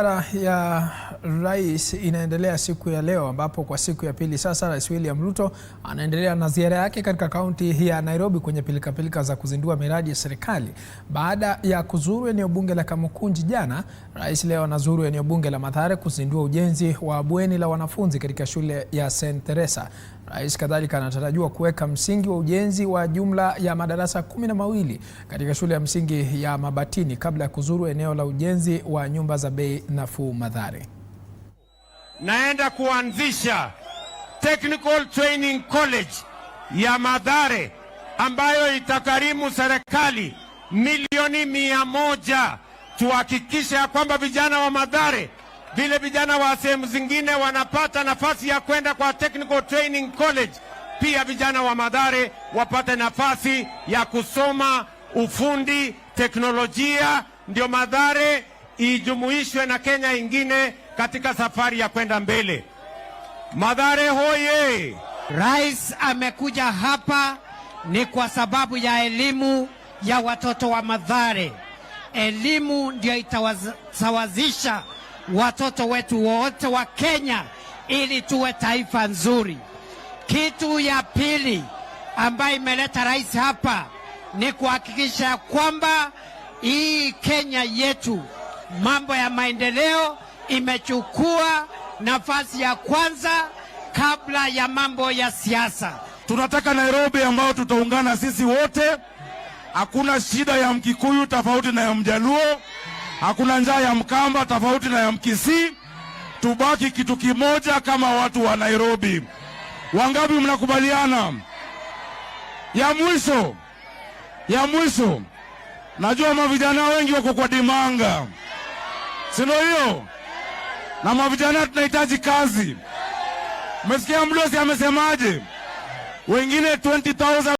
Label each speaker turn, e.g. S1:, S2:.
S1: Ziara ya rais inaendelea siku ya leo ambapo kwa siku ya pili sasa Rais William Ruto anaendelea na ziara yake katika kaunti ya Nairobi kwenye pilikapilika za kuzindua miradi ya serikali. Baada ya kuzuru eneo bunge la Kamukunji jana, rais leo anazuru eneo bunge la Mathare kuzindua ujenzi wa bweni la wanafunzi katika shule ya St Teresa. Rais kadhalika anatarajiwa kuweka msingi wa ujenzi wa jumla ya madarasa kumi na mawili katika shule ya msingi ya Mabatini kabla ya kuzuru eneo la ujenzi wa nyumba za bei nafuu madhare
S2: Naenda kuanzisha Technical Training College ya madhare ambayo itakarimu serikali milioni mia moja tuhakikisha ya kwamba vijana wa madhare vile vijana wa sehemu zingine wanapata nafasi ya kwenda kwa Technical Training College, pia vijana wa madhare wapate nafasi ya kusoma ufundi, teknolojia, ndio madhare ijumuishwe na Kenya ingine katika safari ya kwenda mbele. madhare hoye!
S3: Rais amekuja hapa ni kwa sababu ya elimu ya watoto wa madhare Elimu ndio itawasawazisha watoto wetu wote wa Kenya ili tuwe taifa nzuri. Kitu ya pili ambayo imeleta rais hapa ni kuhakikisha kwamba hii Kenya yetu mambo ya maendeleo imechukua nafasi ya kwanza kabla ya mambo ya siasa.
S4: Tunataka Nairobi ambayo tutaungana sisi wote, hakuna shida ya Mkikuyu tofauti na ya Mjaluo. Hakuna njaa ya Mkamba tofauti na ya Mkisii. Tubaki kitu kimoja kama watu wa Nairobi. Wangapi mnakubaliana? Ya mwisho, ya mwisho, najua mavijana wengi wako kwa dimanga, si hiyo? Na mavijana tunahitaji kazi. Umesikia mdosi amesemaje? Wengine 20000